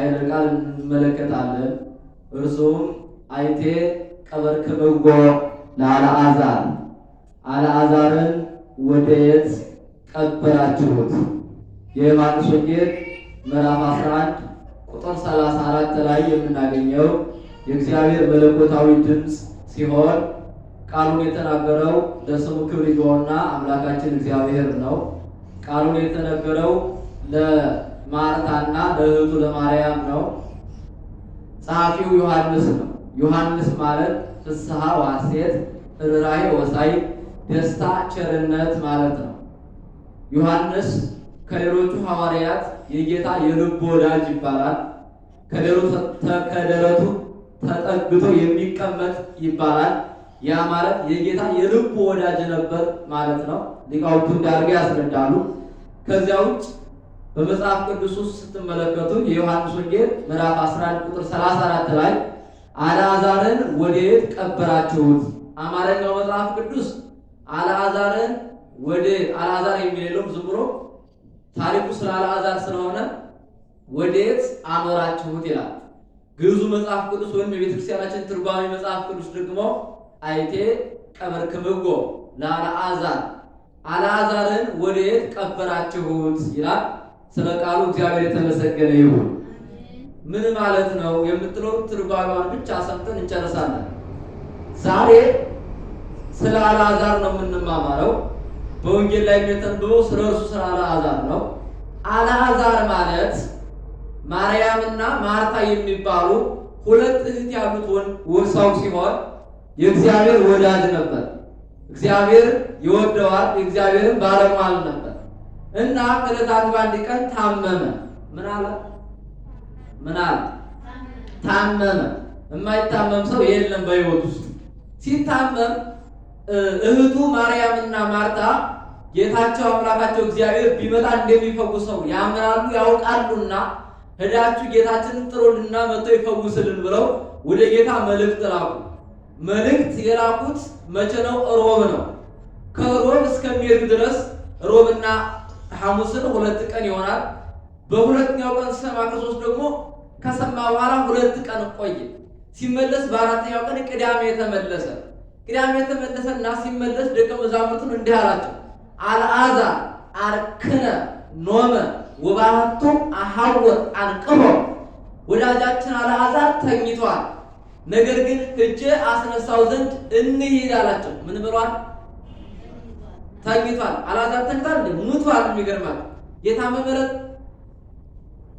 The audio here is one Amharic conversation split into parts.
ኃይለ ቃል እንመለከታለን። እርሱም አይቴ ቀበርክብጎ ለአልዓዛር አልዓዛርን ወደየት ቀበራችሁት? የዮሐንስ ወንጌል ምዕራፍ 11 ቁጥር 34 ላይ የምናገኘው የእግዚአብሔር መለኮታዊ ድምፅ ሲሆን ቃሉን የተናገረው ለስሙ ክብር ይግባውና አምላካችን እግዚአብሔር ነው። ቃሉን የተነገረው ለ ማርታና ለእህቱ ለማርያም ነው። ጸሐፊው ዮሐንስ ነው። ዮሐንስ ማለት ፍስሐ ዋሴት፣ ርኅራኄ ወሳይ፣ ደስታ ቸርነት ማለት ነው። ዮሐንስ ከሌሎቹ ሐዋርያት የጌታ የልብ ወዳጅ ይባላል። ከደረቱ ተጠግቶ የሚቀመጥ ይባላል። ያ ማለት የጌታ የልብ ወዳጅ ነበር ማለት ነው። ሊቃውንቱ እንዳርገ ያስረዳሉ። ከዚያ ውጭ በመጽሐፍ ቅዱስ ውስጥ ስትመለከቱ የዮሐንስ ወንጌል ምዕራፍ 11 ቁጥር 34 ላይ አልዓዛርን ወዴት ቀበራችሁት? አማርኛው መጽሐፍ ቅዱስ አልዓዛርን ወደ አልዓዛር የሚለው ዝም ብሎ ታሪኩ ስለ አልዓዛር ስለሆነ ወዴት አኖራችሁት ይላል። ግዙ መጽሐፍ ቅዱስ ወይም የቤተክርስቲያናችን ትርጓሚ መጽሐፍ ቅዱስ ደግሞ አይቴ ክምጎ ለአልዓዛር አልዓዛርን ወዴት ቀበራችሁት ይላል። ስለ ቃሉ እግዚአብሔር የተመሰገነ ይሁን። ምን ማለት ነው የምትለው ትርጓሜዋን ብቻ ሰምተን እንጨርሳለን። ዛሬ ስለ አልዓዛር ነው የምንማማረው። በወንጌል ላይ እንደተነበበው ስለ እርሱ ስለ አልዓዛር ነው። አልዓዛር ማለት ማርያምና ማርታ የሚባሉ ሁለት እህት ያሉት ሰው ሲሆን የእግዚአብሔር ወዳጅ ነበር። እግዚአብሔር ይወደዋል። የእግዚአብሔርን ባለሟል ነበር። እና ከዕለታት በአንድ ቀን ታመመ። ምን አለ? ምን አለ? ታመመ። የማይታመም ሰው የለም በሕይወት ውስጥ። ሲታመም እህቱ ማርያምና ማርታ ጌታቸው አምላካቸው እግዚአብሔር ቢመጣ እንደሚፈውሰው ያምናሉ ያውቃሉና ሄዳችሁ ጌታችንን ጥሩልና መጥቶ ይፈውስልን ብለው ወደ ጌታ መልእክት ላኩ። መልእክት የላኩት መቼ ነው? ሮብ ነው። ከሮብ እስከሚሄዱ ድረስ ሮብና ሐሙስን ሁለት ቀን ይሆናል። በሁለተኛው ቀን ሲሰማ ክርስቶስ ደግሞ ከሰማ በኋላ ሁለት ቀን ቆየ። ሲመለስ በአራተኛው ቀን ቅዳሜ የተመለሰ ቅዳሜ የተመለሰ ተመለሰና ሲመለስ ደቀ መዛሙርቱን እንዲህ አላቸው፣ አልአዛ አርክነ ኖመ ወባህቶ አሐወር አንቅሞ፣ ወዳጃችን አልዓዛር ተኝቷል፣ ነገር ግን ሂጄ አስነሳው ዘንድ እንሂድ አላቸው። ምን ብሏል? ተኝቷል። አላዛር ተኝቷል እንዴ? ሙቷል። የሚገርማል ጌታ ዕለት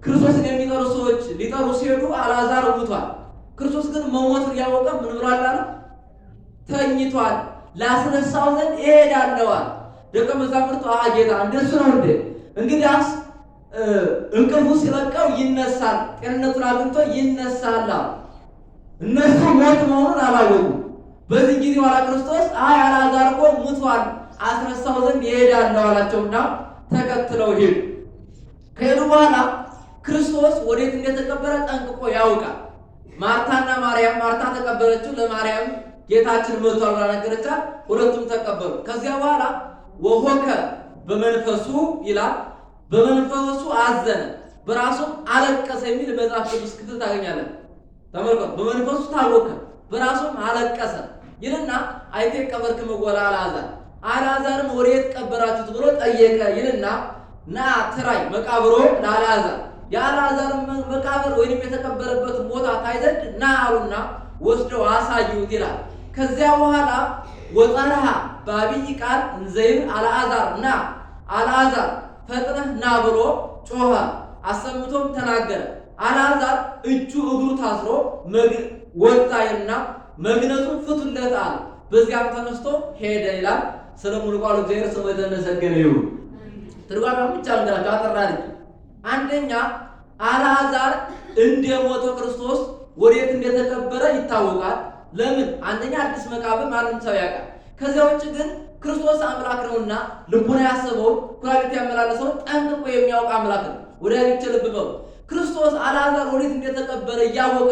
ክርስቶስን የሚጠሩ ሰዎች ሊጠሩ ሲሄዱ አላዛር ሙቷል። ክርስቶስ ግን መሞቱን እያወቀ ምን ብሏል? አለ ተኝቷል፣ ላስነሳው ዘንድ እሄዳለዋል። ደቀ መዛሙርቱ አሃ ጌታ እንደሱ ነው እንዴ? እንግዲያስ እንቅልፉ ሲለቀው ይነሳል፣ ጤንነቱን አግኝቶ ይነሳል። እነሱ ሞት መሆኑን አላወቁ። በዚህ ጊዜ ኋላ ክርስቶስ አይ አልዓዛር እኮ ሙቷል አስነሳው ዘንድ ይሄዳለሁ አላቸውና ተከትለው ሄዱ። ከሄዱ በኋላ ክርስቶስ ወዴት እንደተቀበረ ጠንቅቆ ያውቃል። ማርታና ማርያም ማርታ ተቀበለችው። ለማርያም ጌታችን ሞቷል ብላ ነገረቻት። ሁለቱም ተቀበሉ። ከዚያ በኋላ ወሆከ በመንፈሱ ይላል በመንፈሱ አዘነ በራሱም አለቀሰ የሚል መጽሐፍ ቅዱስ ክፍል ታገኛለን። ተመልከቱ። በመንፈሱ ታወከ በራሱም አለቀሰ ይልና አይቴ ቀበርክም ወላ አልዓዛር አልዓዛርም ወዴት ቀበራችሁት ብሎ ጠየቀ ይልና ና ትራይ መቃብሮ ለአልዓዛር የአልዓዛር መቃብር ወይም የተቀበረበት ቦታ ታይ ዘንድ ና አሉና ወስደው አሳዩት ይላል። ከዚያ በኋላ ወጠርሃ በአብይ ቃል እንዘይብ አልዓዛር ና አልዓዛር ፈጥነህ ና ብሎ ጮኸ፣ አሰምቶም ተናገረ። አልዓዛር እጁ እግሩ ታስሮ ወጣይና መግነቱን ፍቱለት አለ። በዚያም ተነስቶ ሄደ ይላል። ስለ ሙሉ ቃሉ እግዚአብሔር ስሙ የተመሰገነ ይሁን። ትርጓሜ ብቻ ልንገራችሁ ካጠራለች። አንደኛ አልዓዛር ሞተ ክርስቶስ ወዴት እንደተቀበረ ይታወቃል። ለምን? አንደኛ አዲስ መቃብር ማንም ሰው ያውቃል። ከዚያ ውጭ ግን ክርስቶስ አምላክ ነውና ልቡና ያሰበው ኩራቤት ያመላለሰውን ጠንቅቆ የሚያውቅ አምላክ ነው። ወደ ልቸ ልብ በሉ። ክርስቶስ አልዓዛር ወዴት እንደተቀበረ እያወቀ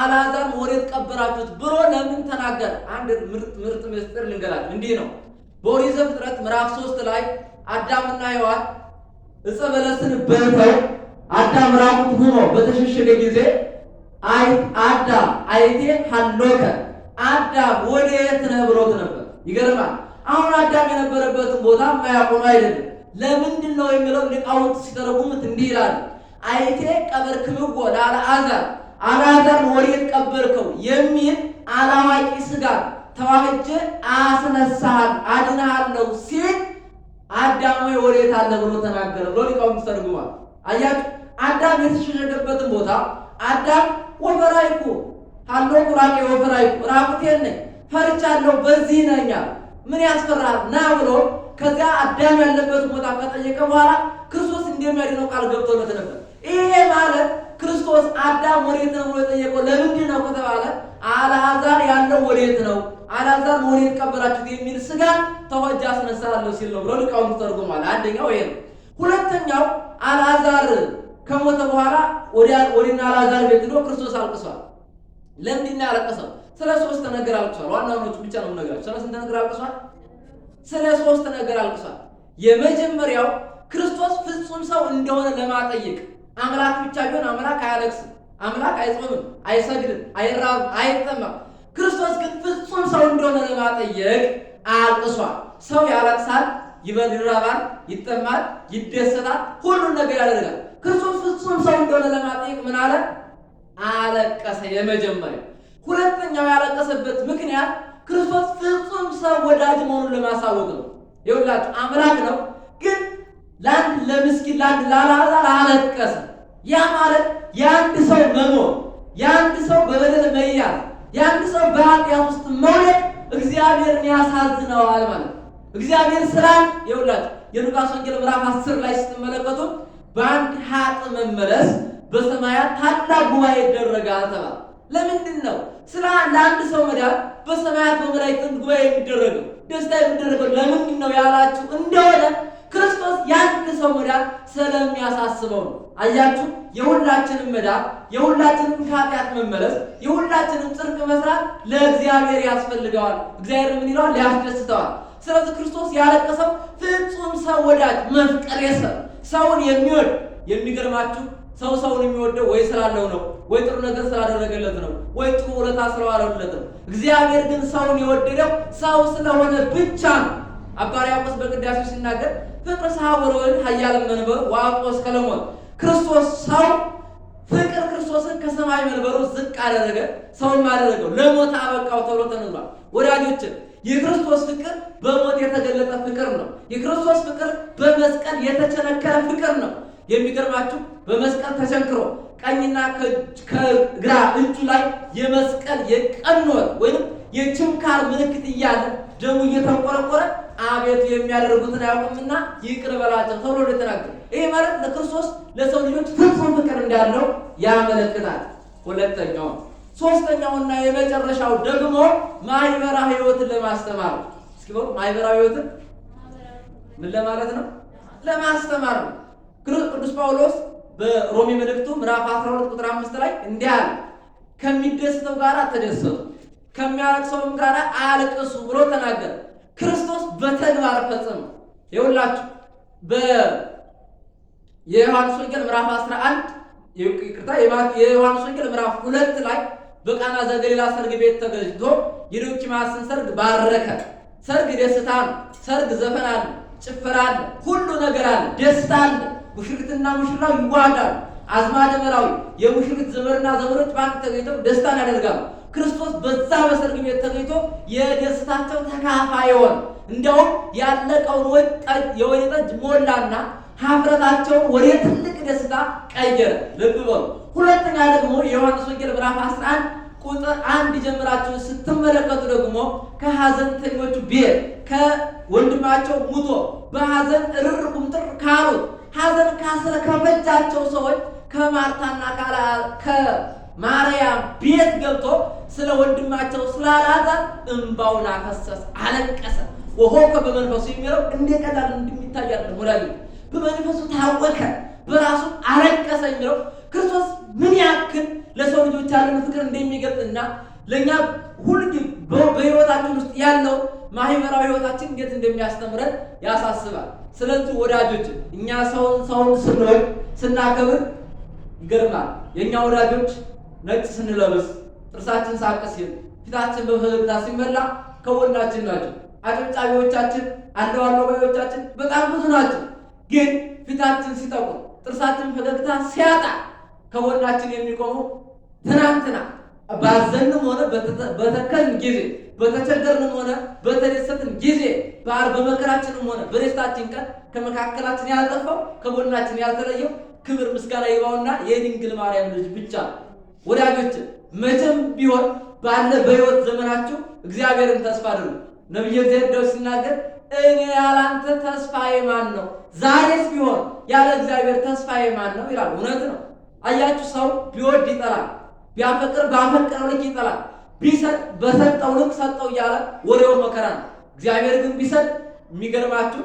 አልዓዛር ወዴት ቀበራችሁት ብሎ ለምን ተናገረ? አንድ ምርጥ ምርጥ ምስጢር ልንገራችሁ። እንዲህ ነው በኦሪት ዘፍጥረት ምዕራፍ ሶስት ላይ አዳምና ሔዋን ዕፀ በለስን በልተው አዳም ራቁት ሆኖ በተሸሸገ ጊዜ አዳም አይቴ ሀሎከ አዳም ወዴት ነህ ብሎት ነበር። ይገርማል። አሁን አዳም የነበረበትን ቦታ ማያቆኑ አይደለም። ለምንድን ነው የሚለው ሊቃውንት ሲተረጉሙት እንዲህ ይላሉ። አይቴ ቀበርክብኮ ለአልዓዛር አልዓዛር ወዴት ቀበርከው የሚል አላዋቂ ስጋት ተዋህጀ አስነሳሃል አድናሃለሁ ሲል አዳም ወይ ወዴት አለ ብሎ ተናገረ ብሎ ሊቃውንት ተርጉሟል። አያችሁ አዳም የተሸሸገበትን ቦታ አዳም ወፈራይኩ አሎ ቁራቄ ወፈራይኩ ራቁቴን ነኝ ፈርቻለሁ፣ በዚህ ነኛ ምን ያስፈራል ና ብሎ ከዚያ አዳም ያለበትን ቦታ ከጠየቀ በኋላ ክርስቶስ እንደሚያድነው ቃል ገብቶለት ነበር። ይሄ ማለት ክርስቶስ አዳም ወዴት ነው ብሎ የጠየቀው ለምንድን ነው ከተባለ አልዓዛር ያለው ወዴት ነው አልዓዛር ወዴት ቀበራችሁት የሚል ስጋት ተወጃ አስነሳለሁ ሲል ነው ብሎ ሊቃውንት ተርጉሟል። አንደኛው ይሄ ነው። ሁለተኛው አልዓዛር ከሞተ በኋላ ወዲና አልዓዛር ቤት ሄዶ ክርስቶስ አልቅሷል። ለምንድን ነው ያለቀሰው? ስለ ሶስት ነገር አልቅሷል። ዋና ሆኖች ብቻ ነው ነገራቸው። ስለ ስንት ነገር አልቅሷል? ስለ ሶስት ነገር አልቅሷል። የመጀመሪያው ክርስቶስ ፍጹም ሰው እንደሆነ ለማጠየቅ አምላክ ብቻ ቢሆን አምላክ አያለቅስም፣ አምላክ አይጾምም፣ አይሰግድም፣ አይራብም፣ አይጠማም። ክርስቶስ ግን ፍጹም ሰው እንደሆነ ለማጠየቅ አልቅሷል። ሰው ያለቅሳል፣ ይራባል፣ ይጠማል፣ ይደሰታል፣ ሁሉን ነገር ያደርጋል። ክርስቶስ ፍጹም ሰው እንደሆነ ለማጠየቅ ምን አለ? አለቀሰ። የመጀመሪያ ሁለተኛው ያለቀሰበት ምክንያት ክርስቶስ ፍጹም ሰው ወዳጅ መሆኑን ለማሳወቅ ነው። ይኸውላችሁ አምላክ ነው ግን ለአንድ ለምስኪን ለአንድ ላላዛር አለቀሰ። ያ ማለት የአንድ ሰው መኖር፣ የአንድ ሰው በበደል መያዝ፣ የአንድ ሰው በኃጢአት ውስጥ መውደቅ እግዚአብሔርን ያሳዝነዋል ማለት እግዚአብሔር ስራን የውላት የሉቃስ ወንጌል ምዕራፍ አስር ላይ ስትመለከቱ በአንድ ሀጥ መመለስ በሰማያት ታላቅ ጉባኤ ይደረጋል ተባለ። ለምንድን ነው ስራ ለአንድ ሰው መዳር በሰማያት በመላእክት ጉባኤ የሚደረገው ደስታ የሚደረገው ለምንድን ነው ያላችሁ እንደሆነ የአንድ ሰው መዳን ስለሚያሳስበው ነው። አያችሁ፣ የሁላችንም መዳን፣ የሁላችንም ከኃጢአት መመለስ፣ የሁላችንም ጽድቅ መስራት ለእግዚአብሔር ያስፈልገዋል። እግዚአብሔር ምን ይለዋል? ያስደስተዋል። ስለዚህ ክርስቶስ ያለቀሰው ፍጹም ሰው ወዳጅ መፍቀር የሰው ሰውን የሚወድ የሚገርማችሁ ሰው ሰውን የሚወደው ወይ ስላለው ነው፣ ወይ ጥሩ ነገር ስላደረገለት ነው፣ ወይ ጥሩ ውለታ ስለዋለለት ነው። እግዚአብሔር ግን ሰውን የወደደው ሰው ስለሆነ ብቻ ነው። አባ ሕርያቆስ በቅዳሴ ሲናገር ፍቅር ሳብሮን ኃያል መንበር ዋቆስ ከለሞት ክርስቶስ ሰው ፍቅር ክርስቶስን ከሰማይ መንበሩ ዝቅ አደረገ፣ ሰው አደረገው፣ ለሞት አበቃው ተብሎ ተነግሯል። ወዳጆችን የክርስቶስ ፍቅር በሞት የተገለጠ ፍቅር ነው። የክርስቶስ ፍቅር በመስቀል የተቸነከረ ፍቅር ነው። የሚገርማችሁ በመስቀል ተቸንክሮ ቀኝና ከግራ እጁ ላይ የመስቀል የቀኖት ወይም የችንካር ምልክት እያለ ደሙ እየተንቆረቆረ አቤቱ የሚያደርጉትን አያውቁምና ይቅር በላቸው ተብሎ እንደተናገረ ይህ ማለት ለክርስቶስ ለሰው ልጆች ፍጹም ፍቅር እንዳለው ያመለክታል። ሁለተኛው ሶስተኛውና የመጨረሻው ደግሞ ማህበራ ህይወትን ለማስተማር እስኪ ማህበራዊ ህይወትን ምን ለማለት ነው? ለማስተማር ነው። ቅዱስ ጳውሎስ በሮሜ መልእክቱ ምዕራፍ 12 ቁጥር 5 ላይ እንዲህ አለ፣ ከሚደሰተው ጋር ተደሰቱ፣ ከሚያለቅሰውም ጋር አልቅሱ ብሎ ተናገረ። ክርስቶስ በተግባር ፈጽሞ ይኸውላችሁ የዮሐንስ ወንጌል ምዕራፍ 11 ይቅርታ የዮሐንስ ወንጌል ምዕራፍ 2 ላይ በቃና ዘገሊላ ሰርግ ቤት ተገዝቶ የዶኪማስን ሰርግ ባረከ። ሰርግ ደስታ ነው። ሰርግ ዘፈን አለ፣ ጭፈራ አለ፣ ሁሉ ነገር አለ፣ ደስታ አለ። ሙሽሪትና ሙሽራው ይዋሃዳሉ። አዝማደ በራዊ የሙሽሪት ዘመርና ዘመሮች በአንድ ተገኝተው ደስታን ያደርጋሉ። ክርስቶስ በዛ በሰርግ ቤት ተገኝቶ የደስታቸው ተካፋይ የሆነ እንዲያውም ያለቀውን የወይን ጠጅ ሞላና ሀፍረታቸውን ወደ ትልቅ ደስታ ቀየረ። ልብ በሉ። ሁለተኛ ደግሞ የዮሐንስ ወንጌል ምዕራፍ 11 ቁጥር አንድ ጀምራችሁ ስትመለከቱ ደግሞ ከሀዘንተኞቹ ቤት ከወንድማቸው ሙቶ በሀዘን እርር ቁምጥር ካሉት ሐዘን ካስለ ከፈጃቸው ሰዎች ከማርታና ከማርያም ቤት ገብቶ ስለ ወንድማቸው ስላላዛር እንባውን አፈሰሰ፣ አለቀሰ። ወሆከ በመንፈሱ የሚለው እንደ ቀላል እንደሚታይ አይደለም። በመንፈሱ ታወከ፣ በራሱ አለቀሰ የሚለው ክርስቶስ ምን ያክል ለሰው ልጆች ያለን ፍቅር እንደሚገልጽና ለእኛ ሁልጊዜ በህይወታችን ውስጥ ያለው ማህበራዊ ህይወታችን እንዴት እንደሚያስተምረን ያሳስባል። ስለዚህ ወዳጆች እኛ ሰውን ሰውን ስንሆን ስናከብር ይገርማል። የእኛ ወዳጆች ነጭ ስንለብስ፣ ጥርሳችን ሳቅ ሲል፣ ፊታችን በፈገግታ ሲመላ ከጎናችን ናቸው። አጨብጫቢዎቻችን፣ አለባባዮቻችን በጣም ብዙ ናቸው። ግን ፊታችን ሲጠቁር፣ ጥርሳችን ፈገግታ ሲያጣ ከጎናችን የሚቆሙ ትናንትና ባዘንም ሆነ በተከልን ጊዜ በተቸገርንም ሆነ በተደሰትን ጊዜ በዓል በመከራችንም ሆነ በደስታችን ቀን ከመካከላችን ያልጠፋው ከጎናችን ያልተለየው ክብር ምስጋና ይባውና የድንግል ማርያም ልጅ ብቻ ወዳጆች መቼም ቢሆን ባለ በሕይወት ዘመናችሁ እግዚአብሔርን ተስፋ አድርጉ። ነቢየ እግዚአብሔር ሲናገር እኔ ያላንተ ተስፋዬ ማን ነው? ዛሬስ ቢሆን ያለ እግዚአብሔር ተስፋዬ ማን ነው ይላል። እውነት ነው። አያችሁ ሰው ቢወድ ይጠላል ቢያፈቅር ባፈቀረው ልክ ይጠላል። ቢሰጥ በሰጠው ልክ ሰጠው እያለ ወሬው መከራ ነው። እግዚአብሔር ግን ቢሰጥ የሚገርማችሁ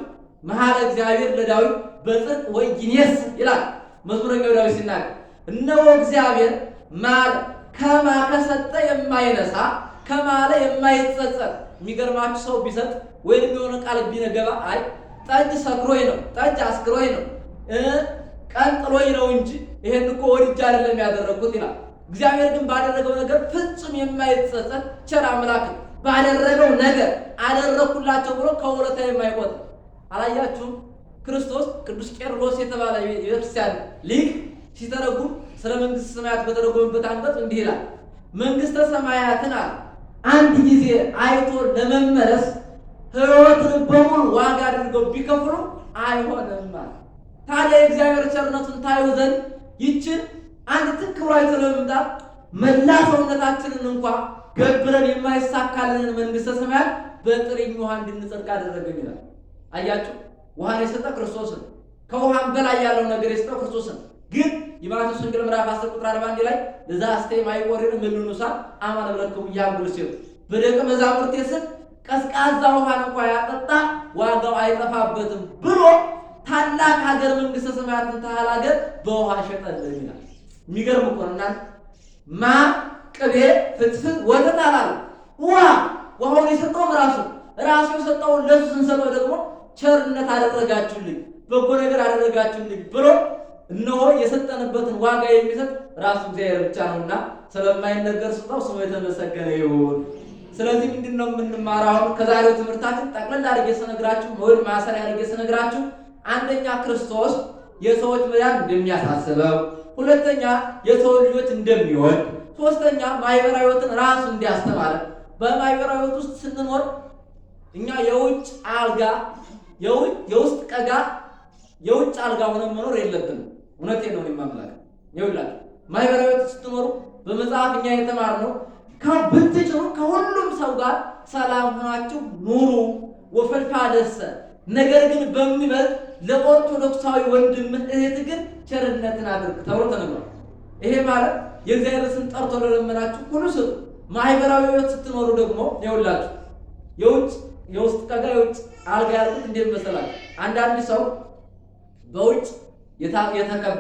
መሐለ እግዚአብሔር ለዳዊት በጽድቅ ወይኔስ ይላል መዝሙረኛው ዳዊት ሲናገር እነሆ እግዚአብሔር ማለ ከማ ከሰጠ የማይነሳ ከማለ የማይጸጸት የሚገርማችሁ ሰው ቢሰጥ ወይም የሆነ ቃል ቢነገባ አይ ጠጅ ሰክሮኝ ነው ጠጅ አስክሮኝ ነው ቀን ነው እንጂ ይሄን እኮ ወድጄ አይደለም ያደረግኩት ይላል። እግዚአብሔር ግን ባደረገው ነገር ፍጹም የማይጸጸት ቸር አምላክ ባደረገው ነገር አደረኩላቸው ብሎ ከወረታ የማይቆጥ አላያችሁም? ክርስቶስ ቅዱስ ቄርሎስ የተባለ የቤተክርስቲያን ሊቅ ሲተረጉም ስለ መንግስት ሰማያት በተረጎመበት አንቀጽ እንዲህ ይላል። መንግስተ ሰማያትን አለ አንድ ጊዜ አይቶ ለመመለስ ህይወትን በሙሉ ዋጋ አድርገው ቢከፍሉ አይሆንም። ታዲያ የእግዚአብሔር ቸርነቱን ታዩ ዘንድ ይችን አንድ ትክ ብሎ አይቶ ለመምጣት መላ ሰውነታችንን እንኳ ገብረን የማይሳካልንን መንግሥተ ሰማያት በጥሪኝ ውሃ እንድንጸድቅ አደረገኝ ይላል። አያችሁ፣ ውሃን የሰጠ ክርስቶስ ነው። ከውሃን በላይ ያለው ነገር የሰጠው ክርስቶስ ነው። ግን የማቴዎስ ወንጌል ምዕራፍ 10 ቁጥር 41 ላይ ለዛ አስተይ ማይወርድ ምንኑሳ አማን ብለኩም ያንጉል ሲል በደቀ መዛሙርት ስም ቀዝቃዛ ውሃን እንኳ ያጠጣ ዋጋው አይጠፋበትም ብሎ ታላቅ ሀገር መንግሥተ ሰማያትን ታህል ሀገር በውሃ ሸጠልን ይላል። የሚገርም እኮ ነው እናንተ ማ ቅቤ ፍትፍት ወተት አላለ። ውሃ ውሃውን የሰጠውም ራሱ ራሱ የሰጠውን ለሱ ስንሰጠው ደግሞ ቸርነት አደረጋችሁልኝ፣ በጎ ነገር አደረጋችሁልኝ ብሎ እነሆ የሰጠንበትን ዋጋ የሚሰጥ ራሱ እግዚአብሔር ብቻ ነውና ስለማይነገር ስጣው ስሙ የተመሰገነ ይሁን። ስለዚህ ምንድን ነው የምንማረው? አሁን ከዛሬው ትምህርታችን ጠቅለል አድርጌ ስነግራችሁ ወይም ማሰሪያ አድርጌ ስነግራችሁ አንደኛ ክርስቶስ የሰዎች መዳን እንደሚያሳስበው ሁለተኛ የሰው ልጆች እንደሚወድ፣ ሶስተኛ ማህበራዊ ህይወትን ራሱ እንዲያስተማረ። በማህበራዊ ህይወት ውስጥ ስንኖር እኛ የውጭ አልጋ የውስጥ ቀጋ የውጭ አልጋ ሆነን መኖር የለብንም። እውነቴ ነው። ማምላክ ይውላል ማህበራዊ ህይወት ስትኖሩ በመጽሐፍ እኛ የተማርነው ብትጭሩ ከሁሉም ሰው ጋር ሰላም ሆናችሁ ኑሩ ወፈልፋ ደሰ ነገር ግን በሚበልጥ ለኦርቶዶክሳዊ ወንድም እህት ግን ቸርነትን አድርግ ተብሎ ተነግሯል። ይሄ ማለት የእግዚአብሔር ስም ጠርቶ ለለመናችሁ ሁሉ ስጡ። ማህበራዊ ህይወት ስትኖሩ ደግሞ ይኸውላችሁ የውጭ የውስጥ ቀጋ የውጭ አልጋ ያልኩት እንዴት መሰላችሁ? አንዳንድ ሰው በውጭ የተከበ